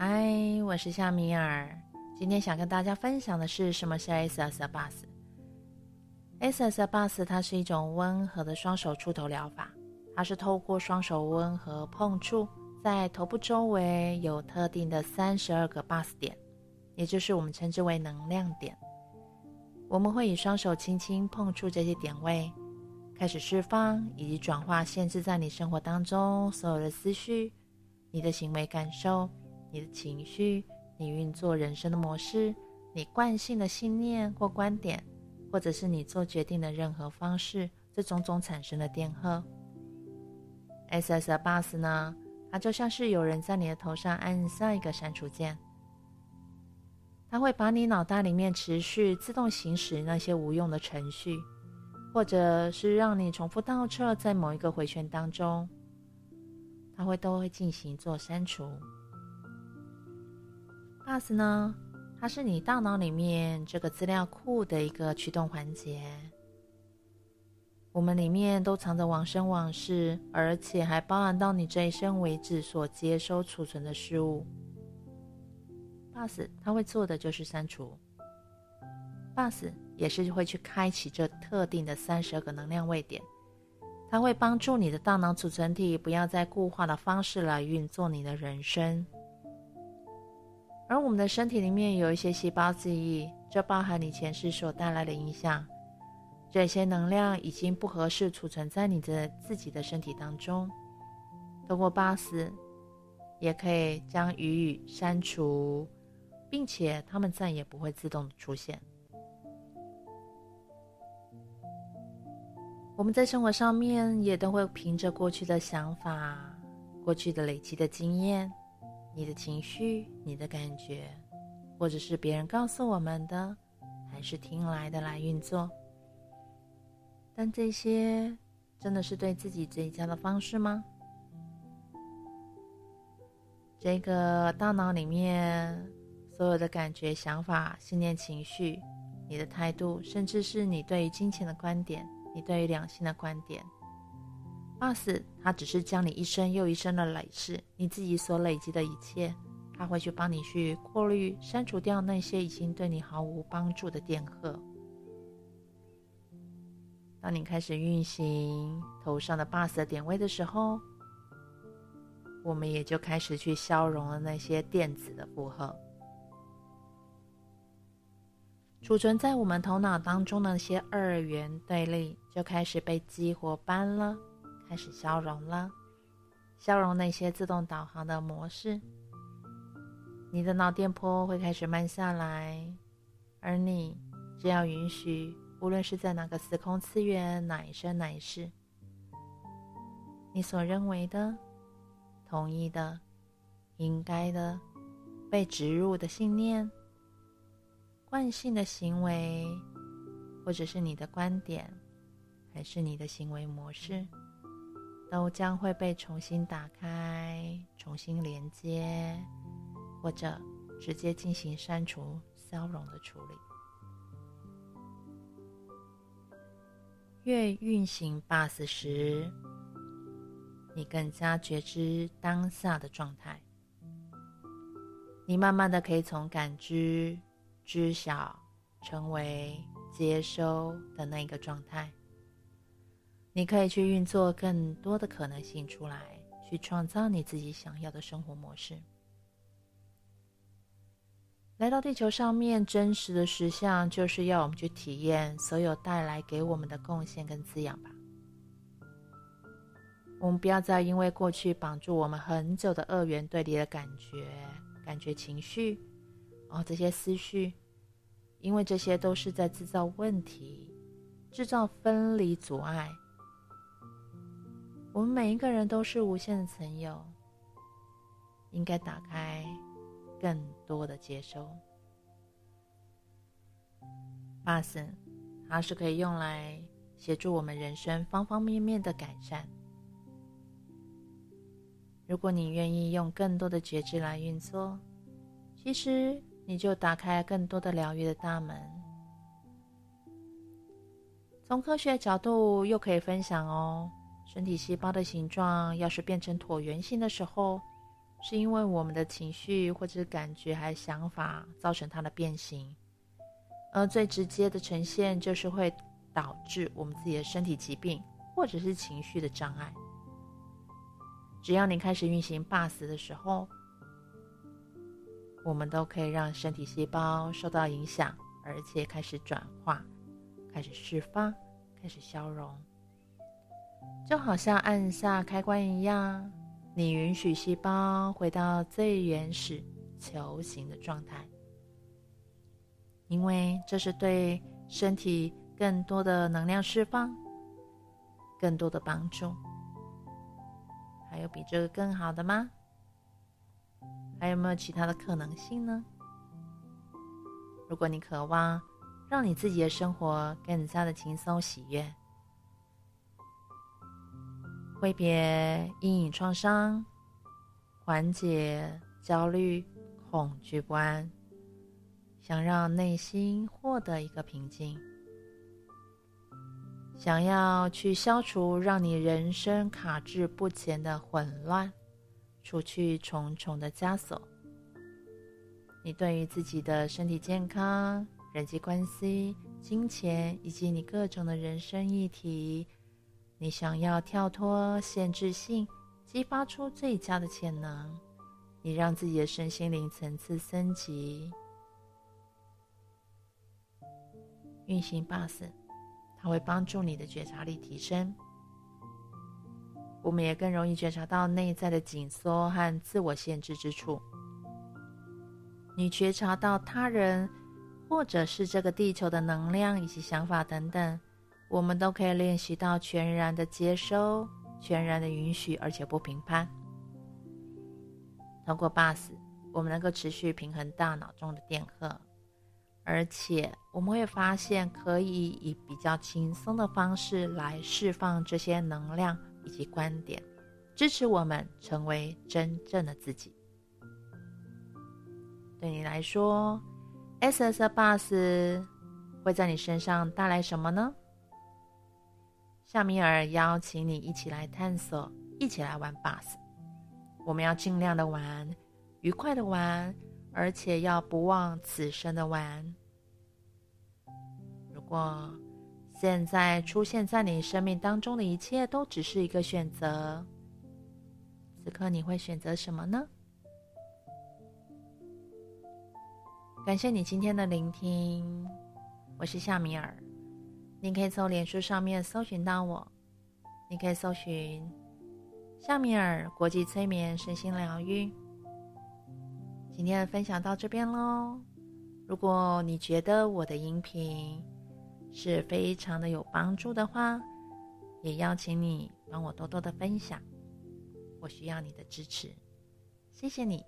嗨，我是夏米爾。今天想跟大家分享的是什麼是 Access Bars？Access Bars 它是一種溫和的雙手觸頭療法，它是透過雙手溫和碰觸，在頭部周圍有特定的三十二個 Bars 點，也就是我們稱之為能量點。我們會以雙手輕輕碰觸這些點位，開始釋放以及轉化限制在你生活當中所有的思緒、你的行為、感受。你的情緒，你運作人生的模式，你慣性的信念或觀點，或者是你做決定的任何方式，這種種產生的電荷，Access Bars 呢，它就像是有人在你的頭上按下一個刪除鍵，它會把你腦袋裡面持續自動行駛那些無用的程序，或者是讓你重複倒車在某一個迴圈當中，它會都會進行做刪除。Bars 呢，它是你大腦裡面這個資料庫的一個驅動環節。我們裡面都藏着往生往事，而且還包含到你這一生為止所接收、儲存的事物。Bars 它會做的就是刪除，Bars 也是會去開啟這特定的三十二個能量位點，它會幫助你的大腦儲存體不要再固化的方式來運作你的人生。而我們的身體裡面有一些細胞記憶，這包含你前世所帶來的影響。這些能量已經不合適儲存在你的自己的身體當中，通過 Bars 也可以將予以刪除，並且它們再也不會自動的出現。我們在生活上面也都會憑着過去的想法、過去的累積的經驗。你的情緒、你的感覺，或者是別人告訴我們的，還是聽來的來運作？但這些真的是對自己最佳的方式嗎？這個大腦裡面所有的感覺、想法、信念、情緒、你的態度，甚至是你對於金錢的觀點、你對於兩性的觀點。Bars 它只是將你一生又一生的累世，你自己所累積的一切，它會去幫你去過濾、刪除掉那些已經對你毫無幫助的電荷。當你開始運行頭上的 Bars 的點位的時候，我們也就開始去消融了那些電子的負荷，儲存在我們頭腦當中的那些二元對立就開始被激活搬了。開始消融了，消融那些自動導航的模式。你的腦電波會開始慢下來，而你只要允許，無論是在哪個時空次元、哪一生哪一世，你所認為的、同意的、應該的、被植入的信念、慣性的行為，或者是你的觀點，還是你的行為模式。都將會被重新打開、重新連接，或者直接進行刪除、消融的處理。越運行 Bars 時，你更加覺知當下的狀態，你慢慢的可以從感知、知曉，成為接收的那一個狀態。你可以去運作更多的可能性出來，去創造你自己想要的生活模式。來到地球上面，真實的實相就是要我們去體驗所有帶來給我們的貢獻跟滋養吧。我們不要再因為過去綁住我們很久的二元對立的感覺、感覺情緒，哦，這些思緒，因為這些都是在制造問題、制造分離阻礙。我們每一個人都是無限的存有，應該打開更多的接收。Bars，它是可以用來協助我們人生方方面面的改善。如果你願意用更多的覺知來運作，其實你就打開更多的療癒的大門。從科學角度又可以分享哦。身體細胞的形狀要是變成橢圓形的時候，是因為我們的情緒、或者感覺、還有想法造成它的變形，而最直接的呈現就是會導致我們自己的身體疾病，或者是情緒的障礙。只要你開始運行 Bars 的時候，我們都可以讓身體細胞受到影響，而且開始轉化、開始釋放、開始消融。就好像按下開關一樣，你允許細胞回到最原始球形的狀態，因為這是對身體更多的能量釋放、更多的幫助。還有比這個更好的嗎？還有沒有其他的可能性呢？如果你渴望讓你自己的生活更加的輕鬆喜悅。揮別陰影創傷，緩解焦慮、恐懼、不安，想讓內心獲得一個平靜，想要去消除讓你人生卡滯不前的混亂，除去重重的枷鎖。你對於自己的身體健康、人際關係、金錢以及你各種的人生議題。你想要跳脫限制性，激發出最佳的潛能，你讓自己的身心靈層次升級，運行 Bars，它會幫助你的覺察力提升。我們也更容易覺察到內在的緊縮和自我限制之處。你覺察到他人，或者是這個地球的能量以及想法等等。我們都可以練習到全然的接收、全然的允許，而且不評判。通過 Bars，我們能夠持續平衡大腦中的電荷，而且我們會發現可以以比較輕鬆的方式來釋放這些能量以及觀點，支持我們成為真正的自己。對你來說，Access Bars 會在你身上帶來什麼呢？夏米爾邀請你一起來探索，一起來玩 Bars。我們要盡量的玩，愉快的玩，而且要不枉此生的玩。如果現在出現在你生命當中的一切都只是一個選擇，此刻你會選擇什麼呢？感謝你今天的聆聽，我是夏米爾。您可以從臉書上面搜尋到我，你可以搜尋夏米爾國際催眠身心療愈。今天的分享到這邊嘍。如果你覺得我的音頻是非常的有幫助的話，也邀請你幫我多多的分享，我需要你的支持。謝謝你。